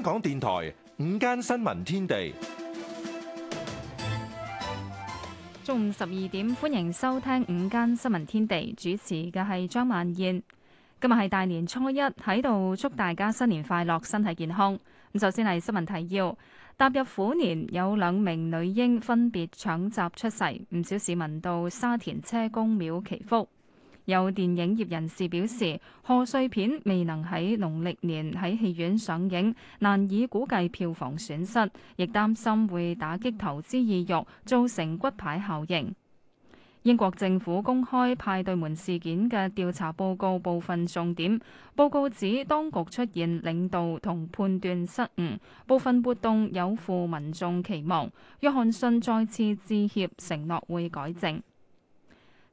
香港電台午間新聞天地，中午十二點，歡迎收聽午間新聞天地。主持嘅係張曼燕。今日係大年初一，喺度祝大家新年快樂，身體健康。咁首先係新聞提要：踏入虎年，有兩名女嬰分別搶閘出世，唔少市民到沙田車公廟祈福。有電影業人士表示，賀歲片未能喺農曆年喺戲院上映，難以估計票房損失，亦擔心會打擊投資意欲，造成骨牌效應。英國政府公開派對門事件嘅調查報告部分重點，報告指當局出現領導同判斷失誤，部分活動有負民眾期望。約翰遜再次致歉，承諾會改正。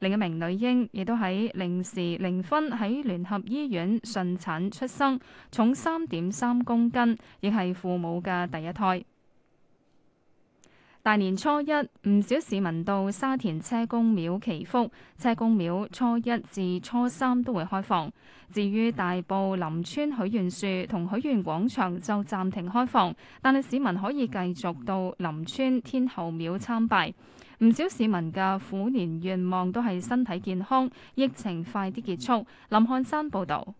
另一名女嬰亦都喺零時零分喺聯合醫院順產出生，重三點三公斤，亦係父母嘅第一胎。大年初一，唔少市民到沙田車公廟祈福，車公廟初一至初三都會開放。至於大埔林村許願樹同許願廣場就暫停開放，但係市民可以繼續到林村天后廟參拜。唔少市民嘅虎年願望都係身體健康，疫情快啲結束。林漢山報道，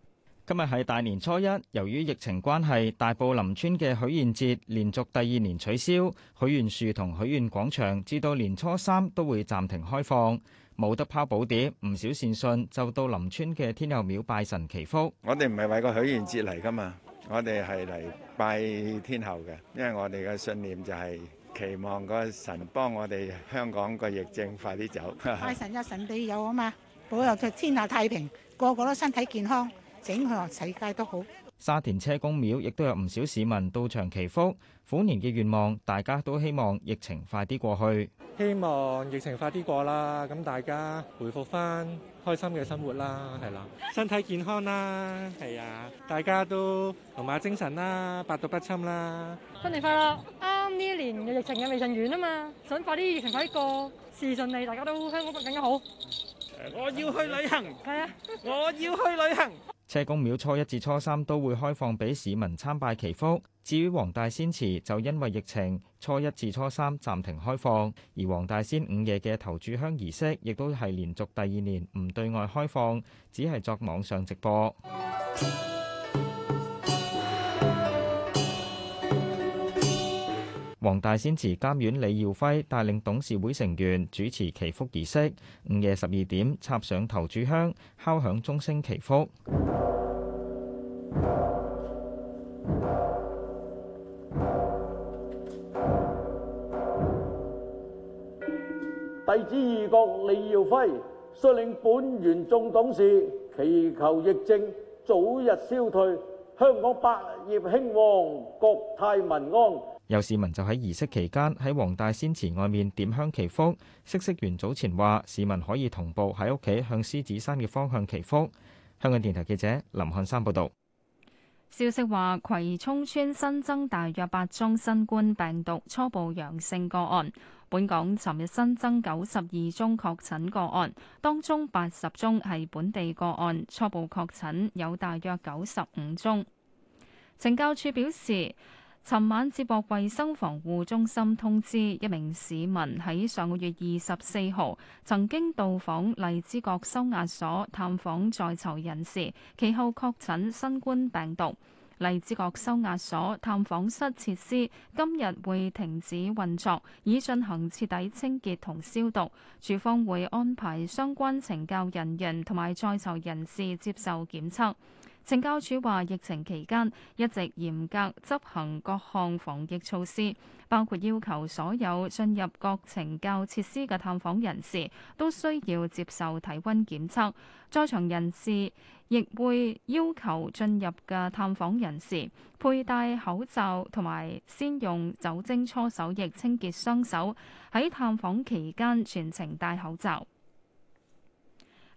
今日係大年初一，由於疫情關係，大埔林村嘅許願節連續第二年取消，許願樹同許願廣場至到年初三都會暫停開放，冇得拋寶碟。唔少善信就到林村嘅天后廟拜神祈福。我哋唔係為個許願節嚟噶嘛，我哋係嚟拜天后嘅，因為我哋嘅信念就係、是。期望個神幫我哋香港個疫症快啲走。拜神一、啊、神地有啊嘛，保佑佢天下、啊、太平，個個都身體健康，整個世界都好。沙田車公廟亦都有唔少市民到場祈福，虎年嘅願望，大家都希望疫情快啲過去。希望疫情快啲過啦，咁大家回復翻開心嘅生活啦，係啦，身體健康啦，係啊，大家都龍馬精神啦，百毒不侵啦，新年快樂。呢一年嘅疫情嘅未盡完啊嘛，想快啲疫情快啲過，事順利，大家都香港更加好。我要去旅行，係啊的，我要去旅行。 車公廟初一至初三都會開放俾市民參拜祈福，至於黃大仙祠就因為疫情，初一至初三暫停開放，而黃大仙午夜嘅頭柱香儀式亦都係連續第二年唔對外開放，只係作網上直播。 黃大仙祠監院李耀輝帶領董事會成員主持祈福儀式，午夜十二點插上頭炷香，敲響鐘聲祈福。弟子義覺李耀輝率領本園眾董事祈求疫症早日消退，香港百業興旺，國泰民安。有市民就喺儀式期間喺黃大仙祠外面點香祈福。嗇色園早前話，市民可以同步喺屋企向獅子山嘅方向祈福。香港電台記者林漢山報導。消息話，葵涌村新增大約八宗新冠病毒初步陽性個案。本港尋日新增九十二宗確診個案，當中八十宗係本地個案，初步確診有大約九十五宗。懲教處表示，尋晚接獲衛生防護中心通知，一名市民喺上個月二十四號曾經到訪荔枝角收押所探訪在囚人士，其後確診新冠病毒。荔枝角收押所探訪室設施今日會停止運作，以進行徹底清潔同消毒。署方會安排相關懲教人員同埋在囚人士接受檢測。懲教處話，疫情期間一直嚴格執行各項防疫措施，包括要求所有進入各懲教設施嘅探訪人士都需要接受體温檢測，在場人士亦會要求進入嘅探訪人士佩戴口罩，同埋先用酒精搓手液清潔雙手。喺探訪期間全程戴口罩。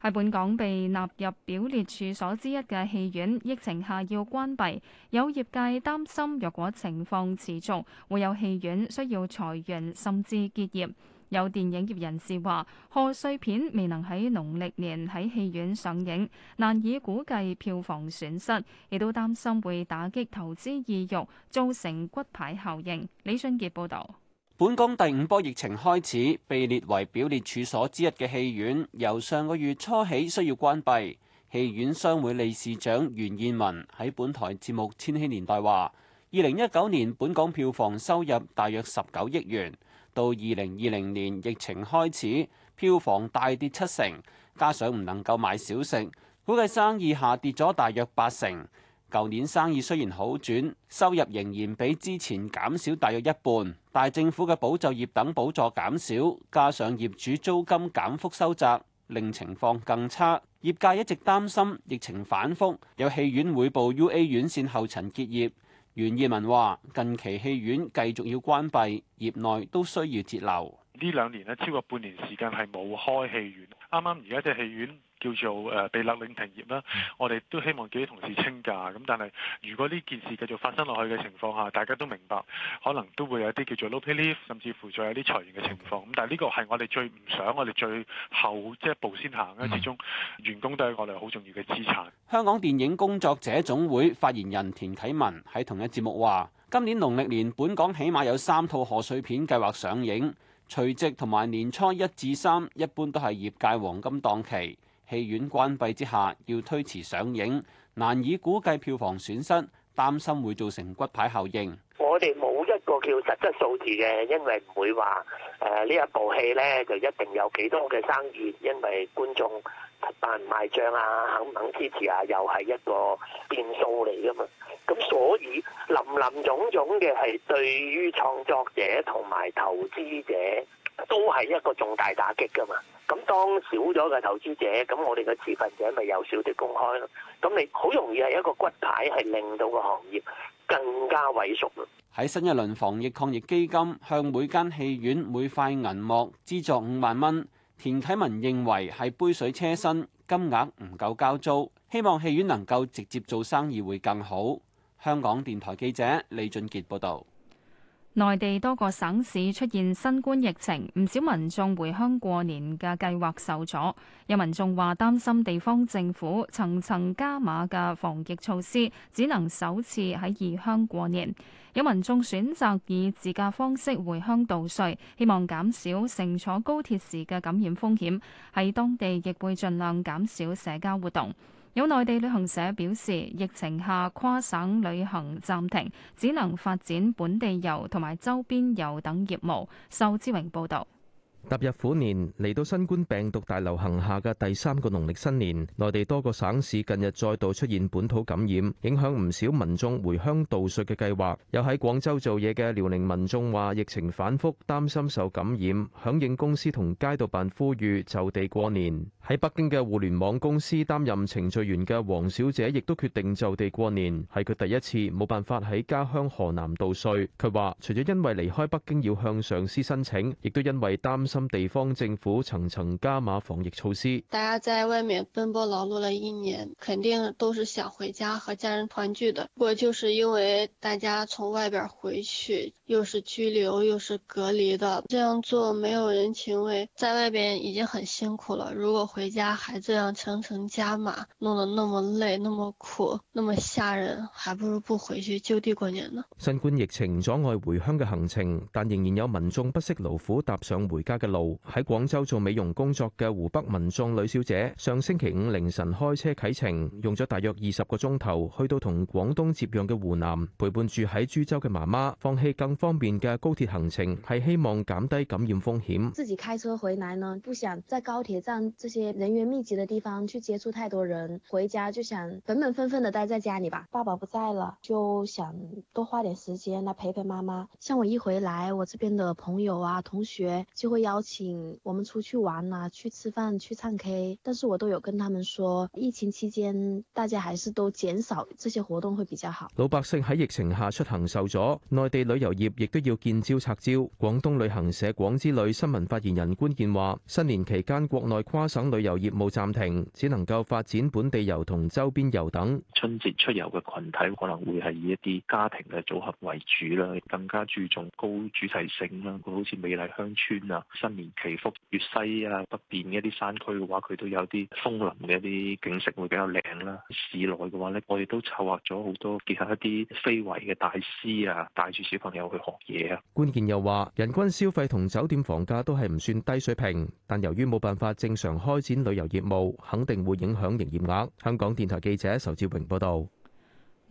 喺本港被納入表列處所之一嘅戲院，疫情下要關閉，有業界擔心若果情況持續，會有戲院需要裁員甚至結業。有電影業人士話：賀歲片未能喺農曆年喺戲院上映，難以估計票房損失，亦都擔心會打擊投資意欲，造成骨牌效應。李俊傑報導。本港第五波疫情開始，被列為表列處所之一嘅戲院，由上個月初起需要關閉。戲院商會理事長袁燕文喺本台節目《千禧年代》話，二零一九年本港票房收入大約十九億元，到二零二零年疫情開始，票房大跌七成，加上唔能夠買小食，估計生意下跌咗大約八成。舊年生意雖然好轉，收入仍然比之前減少大約一半。但政府嘅保就業等補助減少，加上業主租金減幅收窄，令情況更差。業界一直擔心疫情反覆，有戲院會步 UA 院線後塵結業。袁義文話：近期戲院繼續要關閉，業內都需要節流。呢兩年呢，超過半年時間係冇開戲院，啱啱而家只戲院叫做誒、呃、被勒令停業啦。我哋都希望畀啲同事清假咁，但係如果呢件事繼續發生落去嘅情況下，大家都明白可能都會有一啲叫做 no pay leave，甚至乎再有啲裁員嘅情況。咁但係呢個係我哋最唔想，我哋最後即係、就是、一步先行嘅。始終員工都係我哋好重要嘅資產。香港電影工作者總會發言人田啟文喺同一節目話：今年農曆年本港起碼有三套賀歲片計劃上映。除夕同埋年初一至三，一般都係業界黃金檔期，戲院關閉之下要推遲上映，難以估計票房損失，擔心會造成骨牌效應。我哋冇一個叫實質數字嘅，因為唔會話誒，呢一部戲咧，就一定有幾多嘅生意，因為觀眾。但賣帳啊，肯唔肯支持啊，又係一個變數嚟噶嘛。咁所以林林總總嘅係對於創作者同埋投資者都係一個重大打擊噶嘛。咁當少咗嘅投資者，咁我哋嘅持份者咪有少啲公開咯。咁你好容易係一個骨牌，係令到個行業更加萎縮咯。喺新一輪防疫抗疫基金，向每間戲院每塊銀幕資助五萬蚊。田啟文認為係杯水車薪，金額唔夠交租，希望戲院能夠直接做生意會更好。香港電台記者李俊傑報導。內地多個省市出現新冠疫情，唔少民眾回鄉過年嘅計劃受阻。有民眾話擔心地方政府層層加碼嘅防疫措施，只能首次喺異鄉過年。有民眾選擇以自駕方式回鄉度歲，希望減少乘坐高鐵時嘅感染風險。喺當地亦會盡量減少社交活動。有內地旅行社表示，疫情下跨省旅行暫停，只能發展本地遊同埋周邊遊等業務。仇志榮報導。踏入虎年，嚟到新冠病毒大流行下嘅第三個農曆新年，內地多個省市近日再度出現本土感染，影響唔少民眾回鄉度歲嘅計劃，又喺廣州做嘢嘅遼寧民眾話疫情反複擔心受感染，響應公司同街道辦呼籲就地過年。喺北京嘅互聯網公司擔任程序員嘅黃小姐，亦都決定就地過年，係佢第一次冇辦法喺家鄉河南度歲。佢話除咗因為離開北京要向上司申請，亦都因為擔心。心地方政府層層加碼防疫措施，大家在外面奔波勞碌了一年，肯定都是想回家和家人團聚的。不過就是因為大家從外邊回去，又是拘留又是隔離的，這樣做沒有人情味。在外邊已經很辛苦了，如果回家還這樣層層加碼，弄得那麼累、那麼苦、那麼嚇人，還不如不回去就地過年呢。新冠疫情阻礙回鄉嘅行程，但仍然有民眾不惜勞苦踏上回家。嘅路。喺廣州做美容工作嘅湖北民眾呂小姐，上星期五凌晨開車啟程，用咗大約二十個鐘頭，去到同廣東接壤嘅湖南，陪伴住喺株洲嘅媽媽。放棄更方便嘅高鐵行程，係希望減低感染風險。自己開車回來呢，不想在高鐵站這些人員密集嘅地方去接觸太多人，回家就想本本分分地待在家裏吧。爸爸不在了，就想多花點時間來陪陪媽媽。像我一回來，我這邊嘅朋友啊、同學就會要。邀請我們出去玩呀，去吃飯，去唱 K，但是我都有跟他們說，疫情期間大家還是都減少這些活動會比較好。老百姓喺疫情下出行受阻，內地旅遊業亦都要見招拆招。廣東旅行社廣之旅新聞發言人官健話：新年期間國內跨省旅遊業務暫停，只能夠發展本地遊同周邊遊等。春節出遊嘅群體可能會係以一啲家庭嘅組合為主啦，更加注重高主題性啦，好似美麗鄉村啊。新年祈福，粵西啊北邊一啲山區嘅話，佢都有啲楓林嘅一啲景色會比較靚啦。市內嘅話咧，我哋都策劃咗好多，結合一啲非遺嘅大師啊，帶住小朋友去學嘢啊。關鍵又話，人均消費同酒店房價都係唔算低水平，但由於冇辦法正常開展旅遊業務，肯定會影響營業額。香港電台記者仇志榮報道。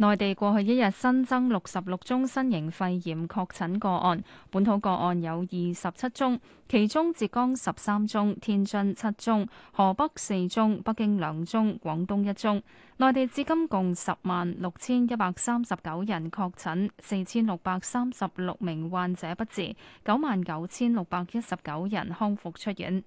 內地過去一日新增六十六宗新型肺炎確診個案，本土個案有二十七宗，其中浙江十三宗，天津七宗，河北四宗，北京兩宗，廣東一宗。內地至今共十萬六千一百三十九人確診，四千六百三十六名患者不治，九萬九千六百一十九人康復出院。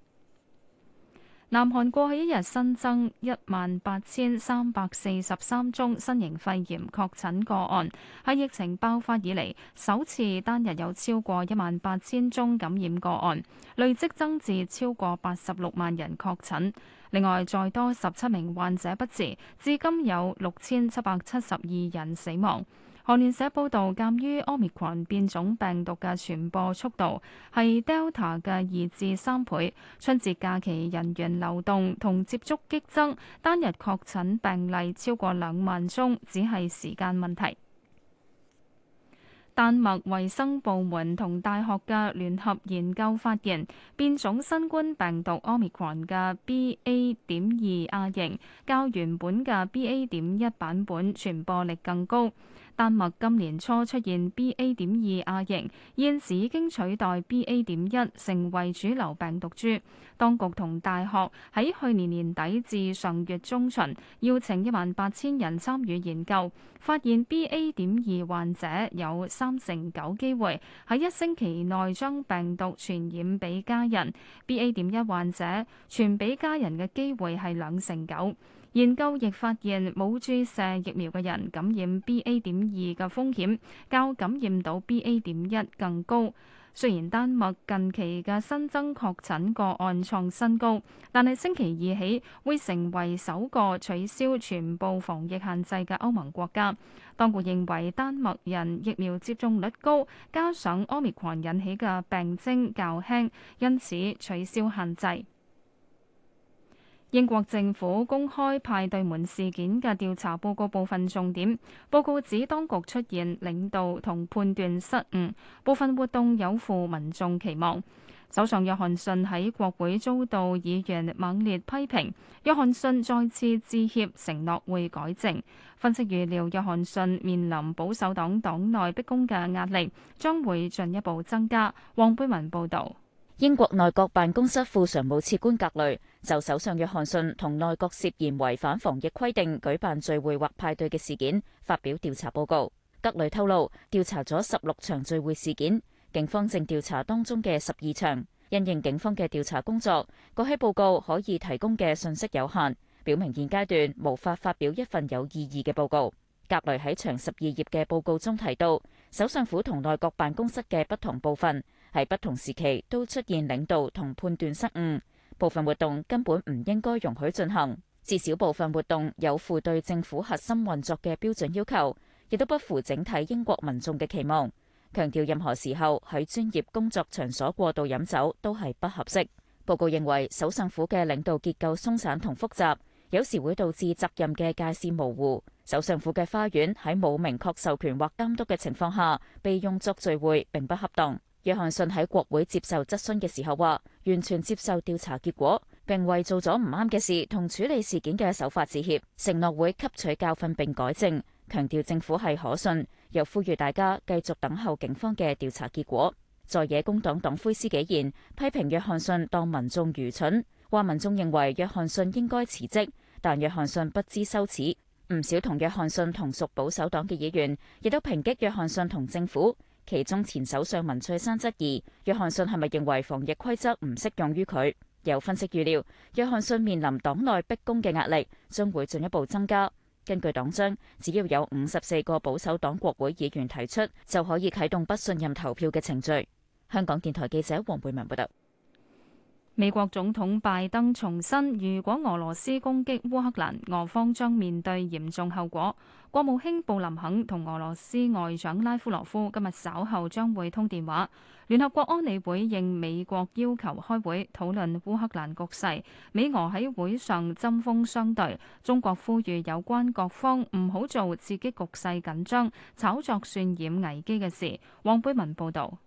南韓過去一日新增一萬八千三百四十三宗新型肺炎確診個案，喺疫情爆發以嚟首次單日有超過一萬八千宗感染個案，累積增至超過八十六萬人確診。另外，再多十七名患者不治，至今有六千七百七十二人死亡。韓聯社報導，鑑於 Omicron 變種病毒嘅傳播速度係 Delta 嘅二至三倍，春節假期人員流動同接觸激增，單日確診病例超過兩萬宗，只係時間問題。丹麥衛生部門同大學嘅聯合研究發現，變種新冠病毒 Omicron 嘅 BA 點二亞型較原本嘅 BA 點一版本傳播力更高。丹麥今年初出現 BA. 點二亞型，現時已經取代 BA. 點一成為主流病毒株。當局同大學喺去年年底至上月中旬邀請一萬八千人參與研究，發現 BA. 點二患者有三成九機會喺一星期內將病毒傳染俾家人，BA. 點一患者傳俾家人嘅機會係兩成九。研究亦發現，冇注射疫苗嘅人感染 BA. 點二嘅風險，較感染到 BA. 點一更高。雖然丹麥近期嘅新增確診個案創新高，但係星期二起會成為首個取消全部防疫限制嘅歐盟國家。當局認為丹麥人疫苗接種率高，加上 Omicron 引起嘅病徵較輕，因此取消限制。英國政府公開派對門事件嘅調查報告部分重點，報告指當局出現領導同判斷失誤，部分活動有負民眾期望。首相約翰遜喺國會遭到議員猛烈批評，約翰遜再次致歉，承諾會改正。分析預料約翰遜面臨保守黨黨內逼宮嘅壓力將會進一步增加。黃貝文報導。英國內閣辦公室副常務次官格雷就首相約翰遜同內閣涉嫌違反防疫規定舉辦聚會或派對嘅事件發表調查報告。格雷透露，調查咗十六場聚會事件，警方正調查當中嘅十二場。因應警方嘅調查工作，嗰批報告可以提供嘅信息有限，表明現階段無法發表一份有意義嘅報告。格雷喺長十二頁嘅報告中提到，首相府同內閣辦公室嘅不同部分，喺不同時期都出現領導同判斷失誤，部分活動根本唔應該容許進行，至少部分活動有負對政府核心運作嘅標準要求，亦都不符整體英國民眾嘅期望。強調任何時候喺專業工作場所過度飲酒都係不合適。報告認為，首相府嘅領導結構鬆散同複雜，有時會導致責任嘅界線模糊。首相府嘅花園喺冇明確授權或監督嘅情況下被用作聚會，並不恰當。約翰遜喺國會接受質詢嘅時候話，完全接受調查結果，並為做咗唔啱嘅事同處理事件嘅手法致歉，承諾會吸取教訓並改正。強調政府係可信，又呼籲大家繼續等候警方嘅調查結果。在野工黨黨魁施紀賢批評約翰遜當民眾愚蠢，話民眾認為約翰遜應該辭職，但約翰遜不知羞恥。唔少同約翰遜同屬保守黨嘅議員亦都抨擊約翰遜同政府。其中前首相文翠珊質疑約翰遜係咪認為防疫規則唔適用於佢？有分析預料，約翰遜面臨黨內逼宮嘅壓力將會進一步增加。根據黨章，只要有五十四個保守黨國會議員提出，就可以啟動不信任投票嘅程序。香港電台記者黃佩文報道。美國總統拜登重申，如果俄羅斯攻擊烏克蘭，俄方將面對嚴重後果。國務卿布林肯同俄羅斯外長拉夫羅夫今日稍後將會通電話。聯合國安理會應美國要求開會討論烏克蘭局勢，美俄喺會上針鋒相對。中國呼籲有關各方唔好做刺激局勢緊張、炒作渲染危機嘅事。黃貝文報道。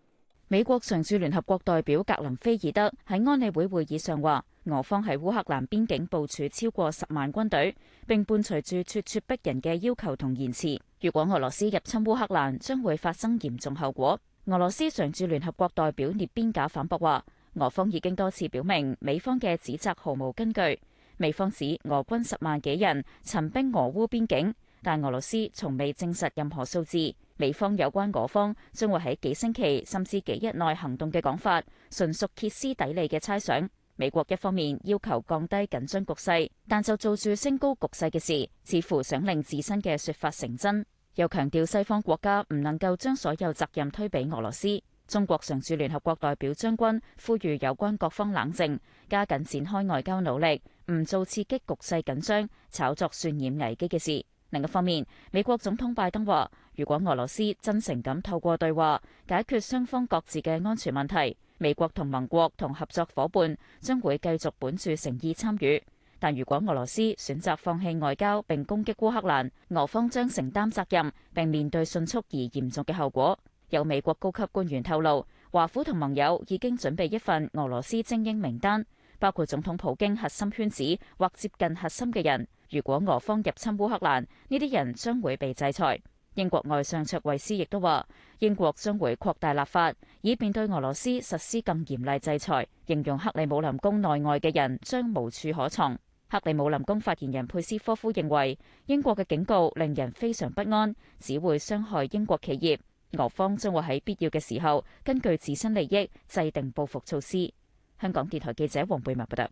美國常駐聯合國代表格林菲爾德喺安理會會議上話，俄方喺烏克蘭邊境部署超過十萬軍隊，並伴隨住咄咄逼人嘅要求同言辭。如果俄羅斯入侵烏克蘭，將會發生嚴重後果。俄羅斯常駐聯合國代表涅邊賈反駁話，俄方已經多次表明美方嘅指責毫無根據。美方指俄軍十萬幾人陳兵俄烏邊境，但俄羅斯從未證實任何數字。美方有關我方將會喺幾星期甚至幾日內行動嘅講法，純屬歇斯底里嘅猜想。美國一方面要求降低緊張局勢，但就做住升高局勢嘅事，似乎想令自身嘅說法成真。又強調西方國家唔能夠將所有責任推俾俄羅斯。中國常駐聯合國代表張軍呼籲有關各方冷靜，加緊展開外交努力，唔做刺激局勢緊張、炒作渲染危機嘅事。另一方面，美國總統拜登話，如果俄羅斯真誠咁透過對話解決雙方各自嘅安全問題，美國同盟國同合作伙伴將會繼續本住誠意參與。但如果俄羅斯選擇放棄外交並攻擊烏克蘭，俄方將承擔責任並面對迅速而嚴重嘅後果。有美國高級官員透露，華府同盟友已經準備一份俄羅斯精英名單，包括總統普京核心圈子或接近核心嘅人。如果俄方入侵烏克蘭，呢啲人將會被制裁。英國外相卓慧思亦都話，英國將會擴大立法，以便對俄羅斯實施更嚴厲制裁，形容克里姆林宮內外嘅人將無處可藏。克里姆林宮發言人佩斯科夫認為，英國嘅警告令人非常不安，只會傷害英國企業。俄方將會喺必要嘅時候，根據自身利益制定報復措施。香港電台記者黃貝文報道。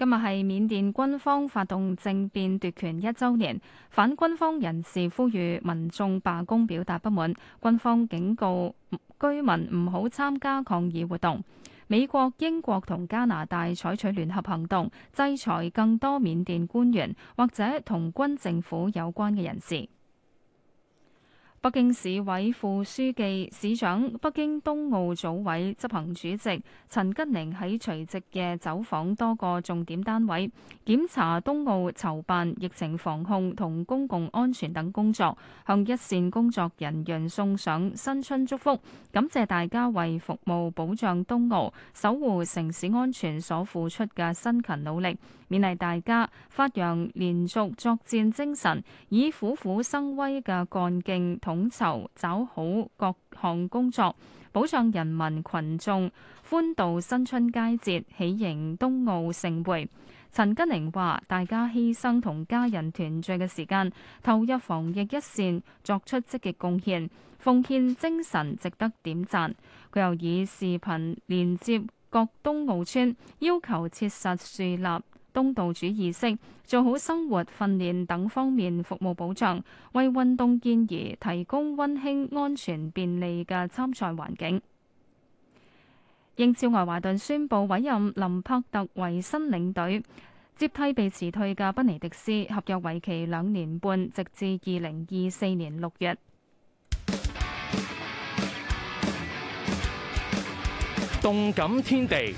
今日係緬甸軍方發動政變奪權一週年，反軍方人士呼籲民眾罷工表達不滿，軍方警告居民唔好參加抗議活動。美國、英國同加拿大採取聯合行動，制裁更多緬甸官員，或者同軍政府有關嘅人士。北京市委副書記、市長、北京冬奧組委執行主席陳吉寧喺除夕夜走訪多個重點單位，檢查冬奧籌辦、疫情防控同公共安全等工作，向一線工作人員送上新春祝福，感謝大家為服務保障冬奧守護城市安全所付出嘅辛勤努力，勉勵大家發揚連續作戰精神，以虎虎生威嘅幹勁。統籌找好各項工作，保障人民群眾歡度新春佳節，喜迎冬奧盛會。陳吉寧話，大家犧牲同家人團聚嘅時間，投入防疫一線，作出積極貢獻，奉獻精神值得點讚。佢又以視頻連接各冬奧村，要求切實樹立東道主意識，做好生活訓練等方面服務保障，為運動健兒提供溫馨、安全、便利嘅參賽環境。英超愛華頓宣布委任林柏特為新領隊，接替被辭退嘅賓尼迪斯，合約為期兩年半，直至二零二四年六月。動感天地。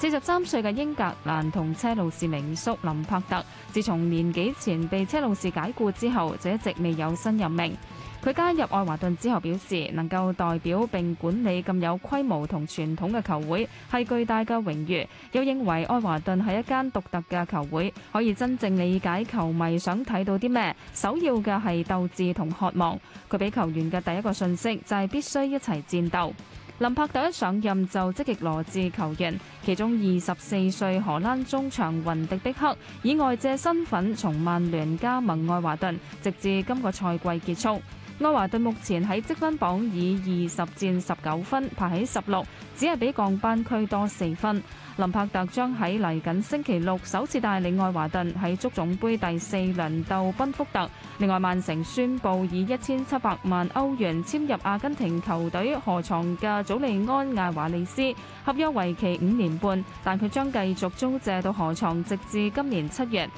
四十三歲嘅英格蘭同車路士名宿林柏特，自從年幾前被車路士解雇之後，就一直未有新任命。佢加入愛華頓之後表示，能夠代表並管理咁有規模同傳統嘅球會，係巨大嘅榮譽。又認為愛華頓係一間獨特嘅球會，可以真正理解球迷想睇到啲咩。首要嘅係鬥志同渴望。佢俾球員嘅第一個訊息就係必須一齊戰鬥。林柏特一上任就積極羅致球員，其中二十四歲荷蘭中場雲迪碧克以外借身份從曼聯加盟愛華頓，直至今個賽季結束。愛華頓目前喺積分榜以二十戰十九分排喺十六，只係比降班區多四分。林柏特將喺嚟緊星期六首次帶領愛華頓喺足總杯第四輪鬥賓福特。另外，曼城宣布以一千七百萬歐元簽入阿根廷球隊河床嘅祖利安·艾華利斯，合約為期五年半，但佢將繼續租借到河床直至今年七月。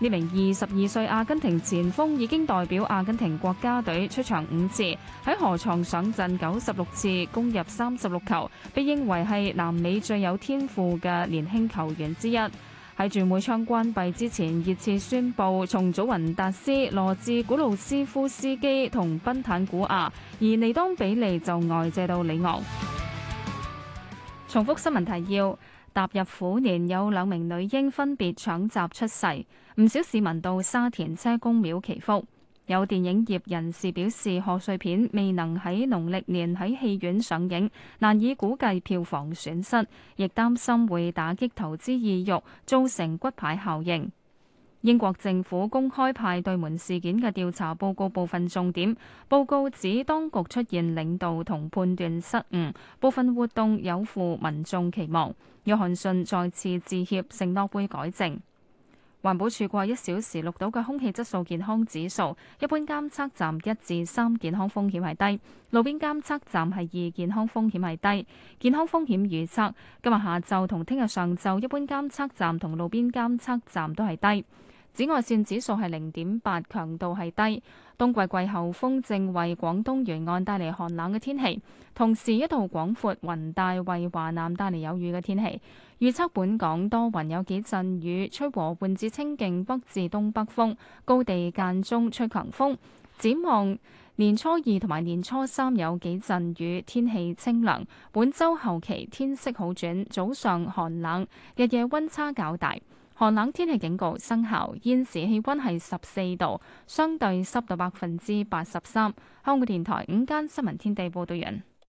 呢名二十二歲阿根廷前鋒已經代表阿根廷國家隊出場五次，喺河床上陣九十六次，攻入三十六球，被認為係南美最有天賦嘅年輕球員之一。喺轉會窗關閉之前，熱刺宣布，從祖雲達斯、羅致古魯斯夫斯基同賓坦古亞，而尼當比利就外借到里昂。重複新聞提要。踏入虎年有兩名女嬰分別搶閘出世，唔少市民到沙田車公廟祈福。有電影業人士表示，賀歲片未能喺農曆年喺戲院上映，難以估計票房損失，亦擔心會打擊投資意欲，造成骨牌效應。英國政府公開派對門事件嘅調查報告部分重點，報告指當局出現領導同判斷失誤，部分活動有負民眾期望。約翰遜再次致歉，承諾會改正。環保署話，一小時綠到嘅空氣質素健康指數，一般監測站一至三健康風險係低，路邊監測站係二健康風險係低。健康風險預測今日下晝同聽日上晝，一般監測站同路邊監測站都係低。紫外線指數係零點八，強度係低。冬季季候風正為廣東沿岸帶嚟寒冷嘅天氣，同時一道廣闊雲帶為華南帶嚟有雨嘅天氣。預測本港多雲有幾陣雨，吹和緩至清勁北至東北風，高地間中吹強風。展望年初二同埋年初三有幾陣雨，天氣清涼。本週後期天色好轉，早上寒冷，日夜溫差較大。寒冷天氣警告生效，現時氣温係十四度，相對濕度百分之八十三。香港電台午間新聞天地報道完。